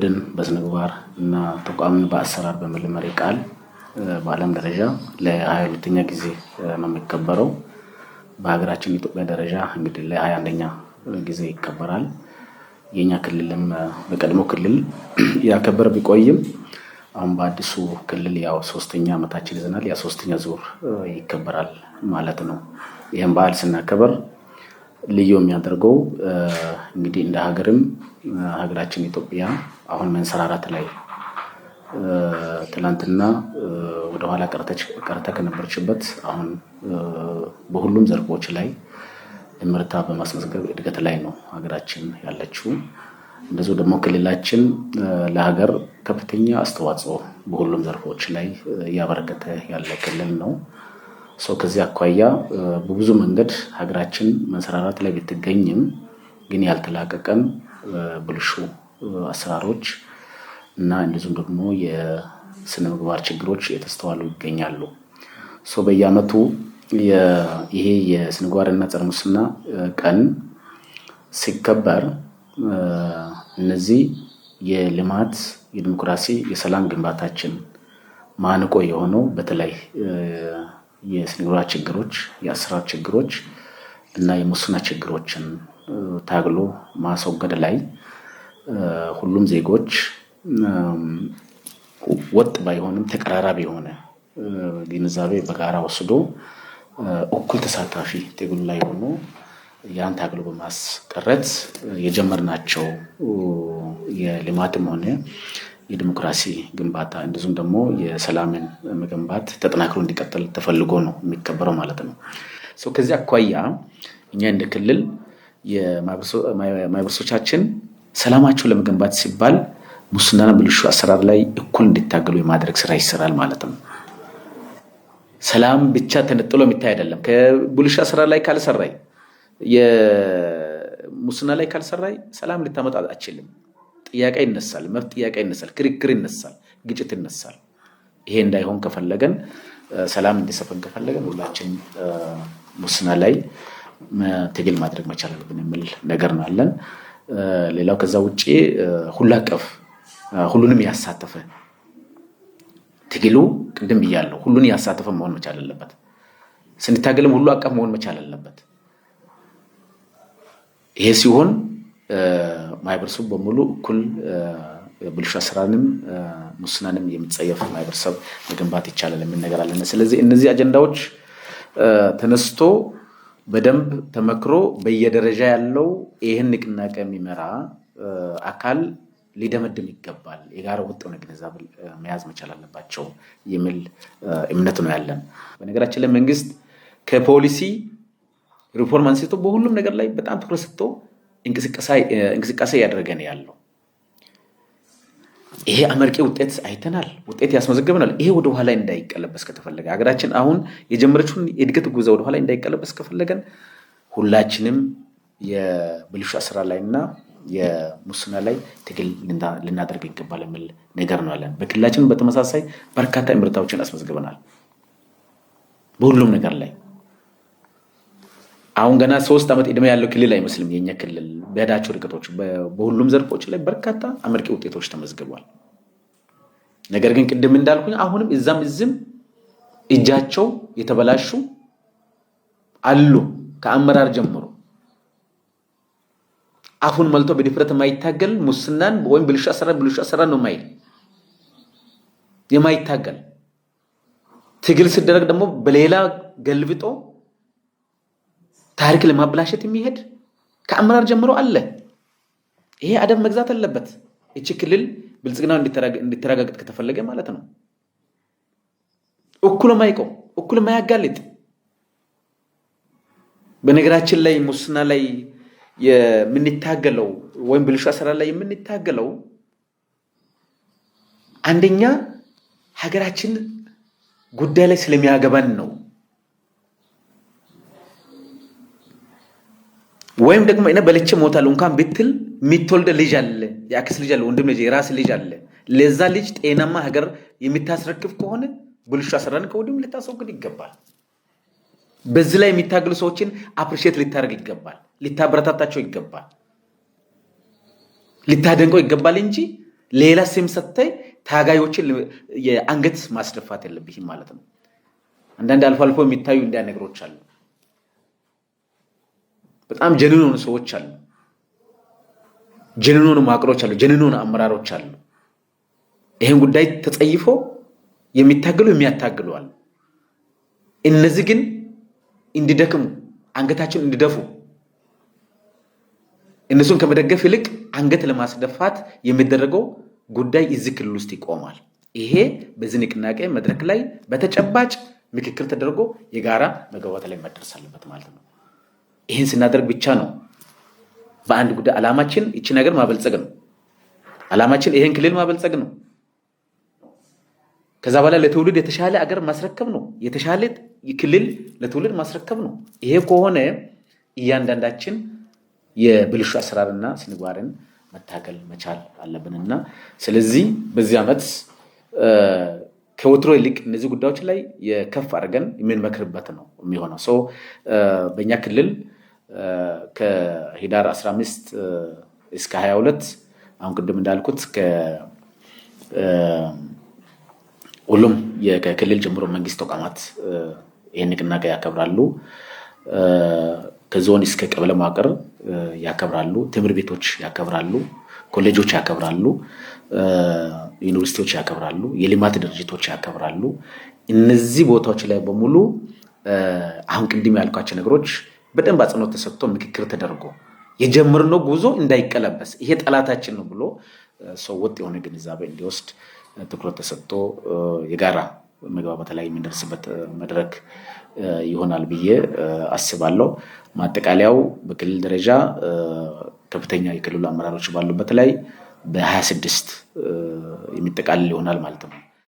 ትውልድን በስነግባር እና ተቋምን በአሰራር በሚል መሪ ቃል በዓለም ደረጃ ለሀያ ሁለተኛ ጊዜ ነው የሚከበረው። በሀገራችን ኢትዮጵያ ደረጃ እንግዲህ ለሀያ አንደኛ ጊዜ ይከበራል። የኛ ክልልም በቀድሞ ክልል ያከበር ቢቆይም አሁን በአዲሱ ክልል ያው ሶስተኛ ዓመታችን ይዘናል። ያ ሶስተኛ ዙር ይከበራል ማለት ነው። ይህም በዓል ስናከበር ልዩ የሚያደርገው እንግዲህ እንደ ሀገርም ሀገራችን ኢትዮጵያ አሁን መንሰራራት ላይ ትላንትና ወደኋላ ቀርተ ከነበረችበት አሁን በሁሉም ዘርፎች ላይ ምርታ በማስመዝገብ እድገት ላይ ነው ሀገራችን ያለችው። እንደዚሁ ደግሞ ክልላችን ለሀገር ከፍተኛ አስተዋጽኦ በሁሉም ዘርፎች ላይ እያበረከተ ያለ ክልል ነው። ሰው ከዚህ አኳያ በብዙ መንገድ ሀገራችን መንሰራራት ላይ ብትገኝም ግን ያልተላቀቀን ብልሹ አሰራሮች እና እንደዚሁም ደግሞ የስነ ምግባር ችግሮች የተስተዋሉ ይገኛሉ። በየአመቱ ይሄ የስነ ምግባርና ጸረ ሙስና ቀን ሲከበር እነዚህ የልማት የዲሞክራሲ፣ የሰላም ግንባታችን ማንቆ የሆነው በተለይ የስነ ምግባር ችግሮች፣ የአሰራር ችግሮች እና የሙስና ችግሮችን ታግሎ ማስወገድ ላይ ሁሉም ዜጎች ወጥ ባይሆንም ተቀራራቢ የሆነ ግንዛቤ በጋራ ወስዶ እኩል ተሳታፊ ትግሉ ላይ ሆኖ ያን ታግሎ በማስቀረት የጀመርናቸው የልማትም ሆነ የዲሞክራሲ ግንባታ እንደዚሁም ደግሞ የሰላምን መገንባት ተጠናክሮ እንዲቀጥል ተፈልጎ ነው የሚከበረው ማለት ነው። ከዚህ አኳያ እኛ እንደ ክልል የማህበረሰቦቻችን ሰላማቸው ለመገንባት ሲባል ሙስናና ብልሹ አሰራር ላይ እኩል እንዲታገሉ የማድረግ ስራ ይሰራል ማለት ነው። ሰላም ብቻ ተነጥሎ የሚታይ አይደለም። ከብልሹ አሰራር ላይ ካልሰራይ፣ የሙስና ላይ ካልሰራይ ሰላም ልታመጣ አችልም። ጥያቄ ይነሳል፣ መብት ጥያቄ ይነሳል፣ ክርክር ይነሳል፣ ግጭት ይነሳል። ይሄ እንዳይሆን ከፈለገን ሰላም እንዲሰፈን ከፈለገን ሁላችን ሙስና ላይ ትግል ማድረግ መቻል አለብን የሚል ነገር ነው ያለን። ሌላው ከዛ ውጭ ሁሉ አቀፍ ሁሉንም ያሳተፈ ትግሉ ቅድም ብያለሁ፣ ሁሉን ያሳተፈ መሆን መቻል አለበት። ስንታገልም ሁሉ አቀፍ መሆን መቻል አለበት። ይሄ ሲሆን ማህበረሰቡ በሙሉ እኩል ብልሹ አሰራርንም ሙስናንም የሚጸየፍ ማህበረሰብ መገንባት ይቻላል የሚል ነገር አለን። ስለዚህ እነዚህ አጀንዳዎች ተነስቶ በደንብ ተመክሮ በየደረጃ ያለው ይህን ንቅናቄ የሚመራ አካል ሊደመድም ይገባል። የጋራ ወጥ የሆነ ግንዛቤ መያዝ መቻል አለባቸው የሚል እምነት ነው ያለን። በነገራችን ላይ መንግስት ከፖሊሲ ሪፎርም አንስቶ በሁሉም ነገር ላይ በጣም ትኩረት ሰጥቶ እንቅስቃሴ እያደረገን ያለው። ይሄ አመርቂ ውጤት አይተናል፣ ውጤት ያስመዘገብናል። ይሄ ወደ ኋላ እንዳይቀለበስ ከተፈለገ ሀገራችን አሁን የጀመረችውን የእድገት ጉዞ ወደ ኋላ እንዳይቀለበስ ከፈለገን ሁላችንም የብልሹ አሰራር ላይ እና የሙስና ላይ ትግል ልናደርግ ይገባል የሚል ነገር ነው ያለን። በክልላችን በተመሳሳይ በርካታ ምርታዎችን አስመዝግበናል በሁሉም ነገር ላይ አሁን ገና ሶስት ዓመት ዕድሜ ያለው ክልል አይመስልም የኛ ክልል። በሄዳቸው ርቀቶች በሁሉም ዘርፎች ላይ በርካታ አመርቂ ውጤቶች ተመዝግቧል። ነገር ግን ቅድም እንዳልኩኝ አሁንም እዛም እዝም እጃቸው የተበላሹ አሉ። ከአመራር ጀምሮ አፉን መልቶ በድፍረት የማይታገል ሙስናን ወይም ብልሹ አሰራር ብልሹ አሰራር ነው ማይል የማይታገል ትግል ሲደረግ ደግሞ በሌላ ገልብጦ ታሪክ ለማበላሸት የሚሄድ ከአመራር ጀምሮ አለ። ይሄ አደብ መግዛት አለበት። እቺ ክልል ብልጽግና እንዲተረጋገጥ ከተፈለገ ማለት ነው። እኩል ማይቀው እኩል ማያጋልጥ በነገራችን ላይ ሙስና ላይ የምንታገለው ወይም ብልሹ አሰራር ላይ የምንታገለው አንደኛ ሀገራችን ጉዳይ ላይ ስለሚያገባን ነው። ወይም ደግሞ እኔ በልቼ እሞታለሁ እንኳን ብትል የሚትወልደ ልጅ አለ፣ የአክስ ልጅ አለ፣ ወንድም ልጅ፣ የራስ ልጅ አለ። ለዛ ልጅ ጤናማ ሀገር የምታስረክብ ከሆነ ብልሹ አሰራርን ከወዲሁም ልታስወግድ ይገባል። በዚህ ላይ የሚታገሉ ሰዎችን አፕሪሼት ልታደርግ ይገባል፣ ልታበረታታቸው ይገባል፣ ልታደንቀው ይገባል እንጂ ሌላ ስም ሰጥተህ ታጋዮችን የአንገት ማስደፋት የለብህም ማለት ነው። አንዳንድ አልፎ አልፎ የሚታዩ እንዲያ ነገሮች አሉ። በጣም ጀንኖን ሰዎች አሉ። ጀንኖን ማቅሮች አሉ። ጀንኖን አመራሮች አሉ። ይህን ጉዳይ ተጸይፎ የሚታገሉ የሚያታግለዋል። እነዚህ ግን እንዲደክሙ አንገታቸውን እንዲደፉ እነሱን ከመደገፍ ይልቅ አንገት ለማስደፋት የሚደረገው ጉዳይ እዚህ ክልል ውስጥ ይቆማል። ይሄ በዚህ ንቅናቄ መድረክ ላይ በተጨባጭ ምክክር ተደርጎ የጋራ መግባባት ላይ መድረስ አለበት ማለት ነው። ይህን ስናደርግ ብቻ ነው በአንድ ጉዳይ አላማችን ይቺ ነገር ማበልጸግ ነው። አላማችን ይህን ክልል ማበልጸግ ነው። ከዛ በኋላ ለትውልድ የተሻለ አገር ማስረከብ ነው። የተሻለ ክልል ለትውልድ ማስረከብ ነው። ይሄ ከሆነ እያንዳንዳችን የብልሹ አሰራርና ስንጓርን መታገል መቻል አለብንና ስለዚህ በዚህ ዓመት ከወትሮ ይልቅ እነዚህ ጉዳዮች ላይ የከፍ አድርገን የምንመክርበት ነው የሚሆነው በእኛ ክልል ከሂዳር 15 እስከ 22 አሁን ቅድም እንዳልኩት ሁሉም ከክልል ጀምሮ መንግስት ተቋማት ይህን ንቅናቄ ያከብራሉ። ከዞን እስከ ቀብለ መዋቅር ያከብራሉ። ትምህርት ቤቶች ያከብራሉ። ኮሌጆች ያከብራሉ። ዩኒቨርሲቲዎች ያከብራሉ። የልማት ድርጅቶች ያከብራሉ። እነዚህ ቦታዎች ላይ በሙሉ አሁን ቅድም ያልኳቸው ነገሮች በደንብ አጽንኦት ተሰጥቶ ምክክር ተደርጎ የጀመርነው ጉዞ እንዳይቀለበስ ይሄ ጠላታችን ነው ብሎ ሰው ወጥ የሆነ ግንዛቤ እንዲወስድ ትኩረት ተሰጥቶ የጋራ መግባባት ላይ የሚደርስበት መድረክ ይሆናል ብዬ አስባለሁ። ማጠቃለያው በክልል ደረጃ ከፍተኛ የክልሉ አመራሮች ባሉበት ላይ በ26 የሚጠቃልል ይሆናል ማለት ነው።